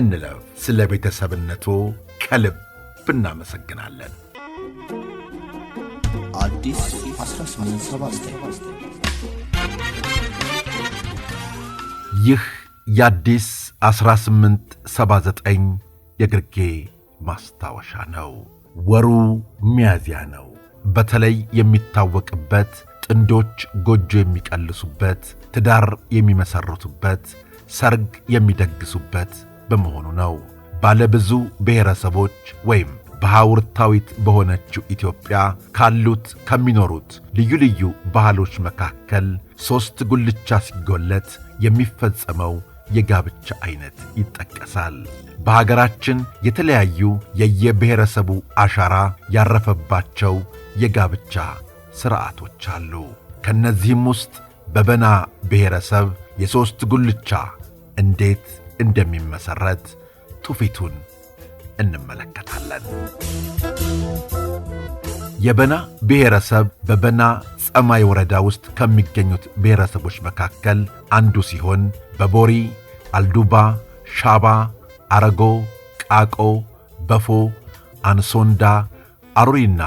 እንለፍ። ስለ ቤተሰብነቱ ከልብ እናመሰግናለን። ይህ የአዲስ 1879 የግርጌ ማስታወሻ ነው። ወሩ ሚያዝያ ነው። በተለይ የሚታወቅበት ጥንዶች ጎጆ የሚቀልሱበት፣ ትዳር የሚመሰርቱበት፣ ሰርግ የሚደግሱበት በመሆኑ ነው። ባለብዙ ብሔረሰቦች ወይም በሐውርታዊት በሆነችው ኢትዮጵያ ካሉት ከሚኖሩት ልዩ ልዩ ባህሎች መካከል ሦስት ጉልቻ ሲጎለት የሚፈጸመው የጋብቻ ዐይነት ይጠቀሳል። በሀገራችን የተለያዩ የየብሔረሰቡ አሻራ ያረፈባቸው የጋብቻ ሥርዓቶች አሉ። ከእነዚህም ውስጥ በበና ብሔረሰብ የሦስት ጉልቻ እንዴት እንደሚመሰረት ትውፊቱን እንመለከታለን። የበና ብሔረሰብ በበና ጸማይ ወረዳ ውስጥ ከሚገኙት ብሔረሰቦች መካከል አንዱ ሲሆን በቦሪ፣ አልዱባ፣ ሻባ፣ አረጎ፣ ቃቆ፣ በፎ፣ አንሶንዳ፣ አሩሪና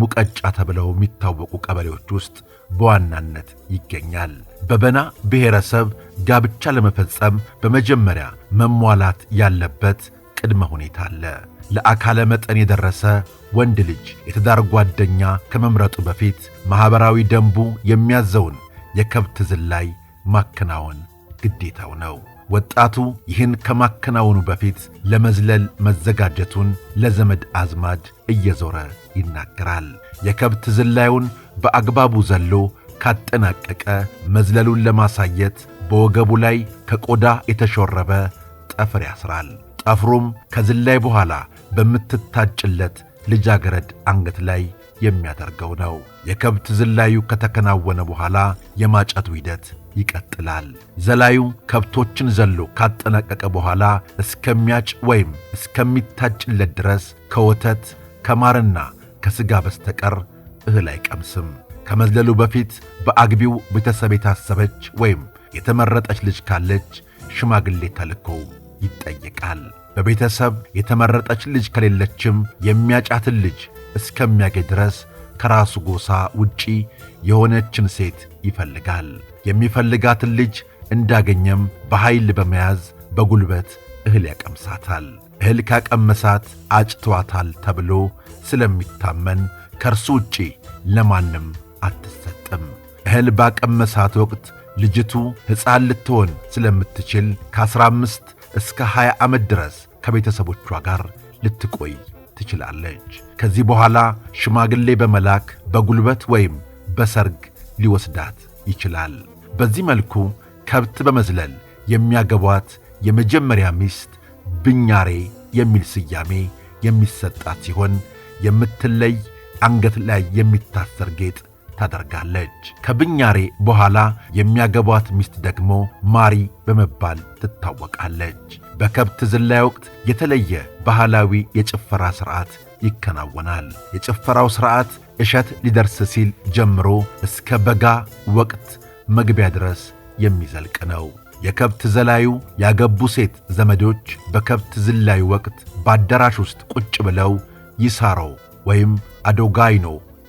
ሙቀጫ ተብለው የሚታወቁ ቀበሌዎች ውስጥ በዋናነት ይገኛል። በበና ብሔረሰብ ጋብቻ ለመፈጸም በመጀመሪያ መሟላት ያለበት ቅድመ ሁኔታ አለ። ለአካለ መጠን የደረሰ ወንድ ልጅ የትዳር ጓደኛ ከመምረጡ በፊት ማኅበራዊ ደንቡ የሚያዘውን የከብት ዝላይ ማከናወን ግዴታው ነው። ወጣቱ ይህን ከማከናወኑ በፊት ለመዝለል መዘጋጀቱን ለዘመድ አዝማድ እየዞረ ይናገራል። የከብት ዝላዩን በአግባቡ ዘሎ ካጠናቀቀ መዝለሉን ለማሳየት በወገቡ ላይ ከቆዳ የተሾረበ ጠፍር ያስራል። ጠፍሩም ከዝላይ በኋላ በምትታጭለት ልጃገረድ አንገት ላይ የሚያደርገው ነው። የከብት ዝላዩ ከተከናወነ በኋላ የማጨቱ ሂደት ይቀጥላል። ዘላዩ ከብቶችን ዘሎ ካጠናቀቀ በኋላ እስከሚያጭ ወይም እስከሚታጭለት ድረስ ከወተት ከማርና ከሥጋ በስተቀር እህል አይቀምስም። ከመዝለሉ በፊት በአግቢው ቤተሰብ የታሰበች ወይም የተመረጠች ልጅ ካለች ሽማግሌ ተልኮ ይጠየቃል። በቤተሰብ የተመረጠች ልጅ ከሌለችም የሚያጫትን ልጅ እስከሚያገኝ ድረስ ከራሱ ጎሳ ውጪ የሆነችን ሴት ይፈልጋል። የሚፈልጋትን ልጅ እንዳገኘም በኃይል በመያዝ በጉልበት እህል ያቀምሳታል። እህል ካቀመሳት አጭቷታል ተብሎ ስለሚታመን ከእርሱ ውጪ ለማንም አትሰጥም። እህል ባቀመሳት ወቅት ልጅቱ ሕፃን ልትሆን ስለምትችል ከ15 እስከ 20 ዓመት ድረስ ከቤተሰቦቿ ጋር ልትቆይ ትችላለች። ከዚህ በኋላ ሽማግሌ በመላክ በጉልበት ወይም በሰርግ ሊወስዳት ይችላል። በዚህ መልኩ ከብት በመዝለል የሚያገቧት የመጀመሪያ ሚስት ብኛሬ የሚል ስያሜ የሚሰጣት ሲሆን የምትለይ አንገት ላይ የሚታሰር ጌጥ ታደርጋለች። ከብኛሬ በኋላ የሚያገቧት ሚስት ደግሞ ማሪ በመባል ትታወቃለች። በከብት ዝላይ ወቅት የተለየ ባህላዊ የጭፈራ ሥርዓት ይከናወናል። የጭፈራው ሥርዓት እሸት ሊደርስ ሲል ጀምሮ እስከ በጋ ወቅት መግቢያ ድረስ የሚዘልቅ ነው። የከብት ዘላዩ ያገቡ ሴት ዘመዶች በከብት ዝላይ ወቅት በአዳራሽ ውስጥ ቁጭ ብለው ይሳሮ ወይም አዶጋይኖ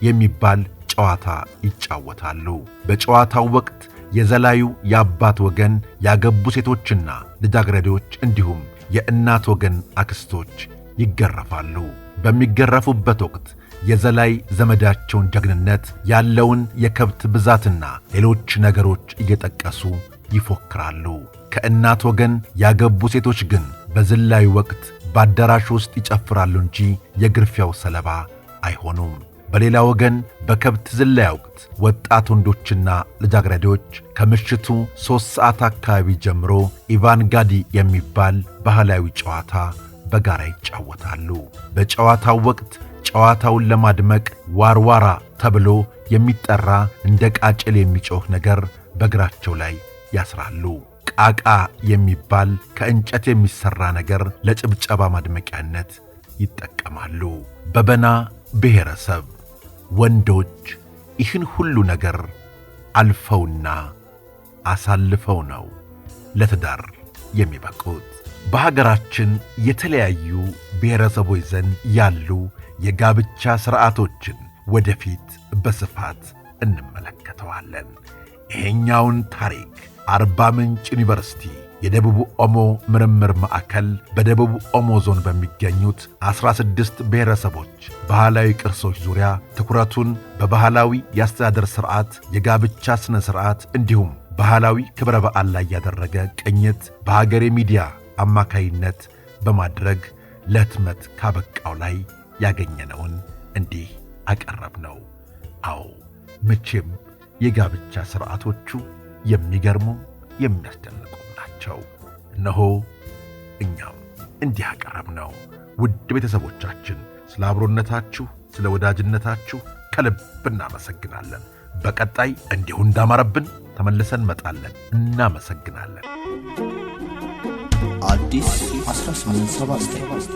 የሚባል ጨዋታ ይጫወታሉ። በጨዋታው ወቅት የዘላዩ የአባት ወገን ያገቡ ሴቶችና ልጃገረዶች እንዲሁም የእናት ወገን አክስቶች ይገረፋሉ። በሚገረፉበት ወቅት የዘላይ ዘመዳቸውን ጀግንነት ያለውን የከብት ብዛትና ሌሎች ነገሮች እየጠቀሱ ይፎክራሉ። ከእናት ወገን ያገቡ ሴቶች ግን በዝላዩ ወቅት በአዳራሽ ውስጥ ይጨፍራሉ እንጂ የግርፊያው ሰለባ አይሆኑም። በሌላ ወገን በከብት ዝላይ ወቅት ወጣት ወንዶችና ልጃገረዶች ከምሽቱ ሦስት ሰዓት አካባቢ ጀምሮ ኢቫንጋዲ የሚባል ባህላዊ ጨዋታ በጋራ ይጫወታሉ። በጨዋታው ወቅት ጨዋታውን ለማድመቅ ዋርዋራ ተብሎ የሚጠራ እንደ ቃጭል የሚጮህ ነገር በእግራቸው ላይ ያስራሉ። ቃቃ የሚባል ከእንጨት የሚሠራ ነገር ለጭብጨባ ማድመቂያነት ይጠቀማሉ። በበና ብሔረሰብ ወንዶች ይህን ሁሉ ነገር አልፈውና አሳልፈው ነው ለትዳር የሚበቁት። በሀገራችን የተለያዩ ብሔረሰቦች ዘንድ ያሉ የጋብቻ ሥርዓቶችን ወደፊት በስፋት እንመለከተዋለን። ይሄኛውን ታሪክ አርባ ምንጭ ዩኒቨርሲቲ የደቡብ ኦሞ ምርምር ማዕከል በደቡብ ኦሞ ዞን በሚገኙት 16 ብሔረሰቦች ባህላዊ ቅርሶች ዙሪያ ትኩረቱን በባህላዊ የአስተዳደር ሥርዓት፣ የጋብቻ ሥነ ሥርዓት እንዲሁም ባህላዊ ክብረ በዓል ላይ ያደረገ ቅኝት በሀገሬ ሚዲያ አማካይነት በማድረግ ለህትመት ካበቃው ላይ ያገኘነውን እንዲህ አቀረብነው። አዎ መቼም የጋብቻ ሥርዓቶቹ የሚገርሙ የሚያስደንቁ ናቸው። እነሆ እኛም እንዲህ ነው ውድ ቤተሰቦቻችን ስለ አብሮነታችሁ፣ ስለ ወዳጅነታችሁ ከልብ እናመሰግናለን። በቀጣይ እንዲሁ እንዳማረብን ተመልሰን መጣለን። እናመሰግናለን። አዲስ 1879